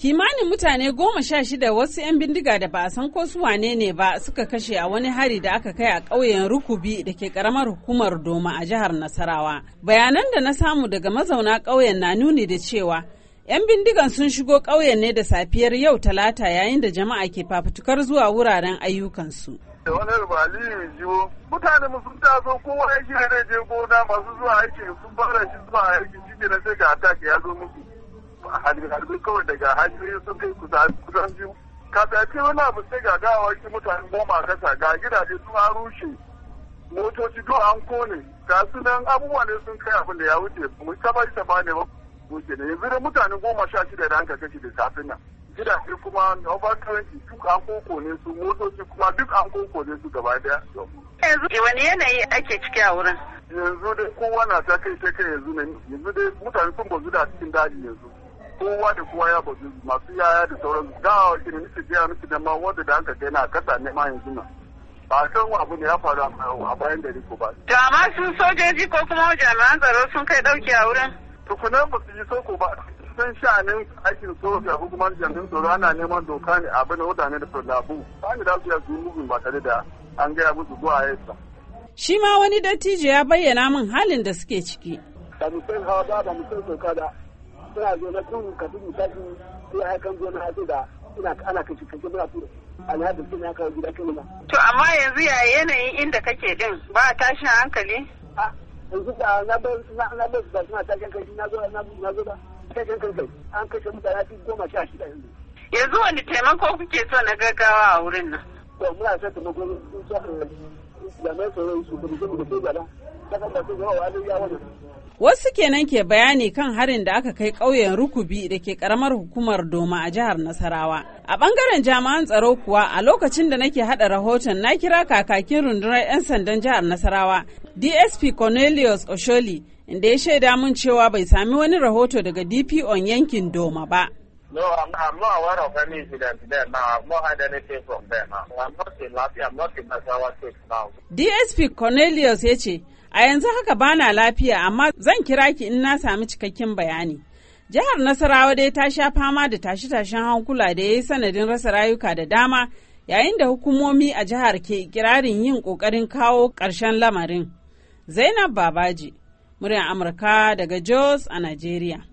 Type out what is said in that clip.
Kimanin mutane goma sha shida wasu 'yan bindiga da ba a san ko su wane ne ba suka kashe a wani hari da aka kai a ƙauyen Rukubi da ke ƙaramar hukumar Doma a jihar Nasarawa. Bayanan da na samu daga mazauna ƙauyen na nuni da cewa 'yan bindigan sun shigo ƙauyen ne da safiyar yau talata yayin da jama'a ke fafutukar zuwa wuraren ayyukansu. wani rubali ya jiwo mutane aiki ne je gona masu zuwa aiki sun fara shi zuwa aiki shi ne sai ga ya zo musu halbe kawai daga hanyoyi sun kai kusan biyu kafin ce wani abu sai ga gawaki mutane goma kasa ga gidaje sun an rushe motoci duk an kone ga su nan abubuwa ne sun kai abin da ya wuce mu taba ita ba ne ba wuce ne yanzu da mutane goma sha shida da an ka da safin nan gidaje kuma over twenty duk an koko ne su motoci kuma duk an koko ne su gaba daya. yanzu wani yanayi ake ciki a wurin. yanzu dai kowa na ta kai ta kai yanzu ne yanzu dai mutane sun bazu da cikin daji yanzu. kowa da kowa ya bazu masu yaya da sauran da shi ne nake gaya da ma wanda da aka kai na kasa ne ma yanzu na ba san abu ne ya faru a bayan da riko ba to amma sun sojoji ko kuma jami'an tsaro sun kai dauki a wurin tukunan ba su yi soko ba sun sha ne aikin tsoro da hukumar jami'an tsaro ana neman doka ne abin da ne da sallabu ba ni da su ya zuwa ba tare da an gaya musu zuwa yasa shi ma wani dattijo ya bayyana min halin da suke ciki da san hawa ba da san sauka da suna zo na tun kafin mu tashi sai a kan zo na haso da suna ana kashe kashe muna tura alhadin sai na kawo gida kai to amma yanzu ya yanayin inda kake din ba a tashin hankali yanzu da na bar na bar da suna tashin kai na zo na zo na zo da tashin kai an kashe mutane su goma sha shida yanzu yanzu wani taimako kuke so na gaggawa a wurin nan to muna son taimako sun so Wasu kenan ke bayani kan harin da aka kai ƙauyen Rukubi da ke ƙaramar hukumar Doma a jihar Nasarawa. A ɓangaren jami'an tsaro kuwa a lokacin da nake haɗa rahoton na kira kakakin rundunar 'yan sandan jihar Nasarawa DSP Cornelius Osholi inda ya shaida mun cewa bai sami wani rahoto daga DPO yankin Doma ba. No, I'm, I'm not aware of any incident there now. I've not had anything from there now. I'm not in Latvia, I'm not in Nassau State now. DSP Cornelius ya ce, A yanzu haka bana lafiya amma zan kira ki in na sami cikakken bayani. Jihar Nasarawa dai ta sha fama da tashe-tashen hankula da ya yi sanadin rasa rayuka da dama yayin da hukumomi a jihar ke kirarin yin kokarin kawo ƙarshen lamarin. Zainab Babaji, muryar Amurka daga Jos a Najeriya.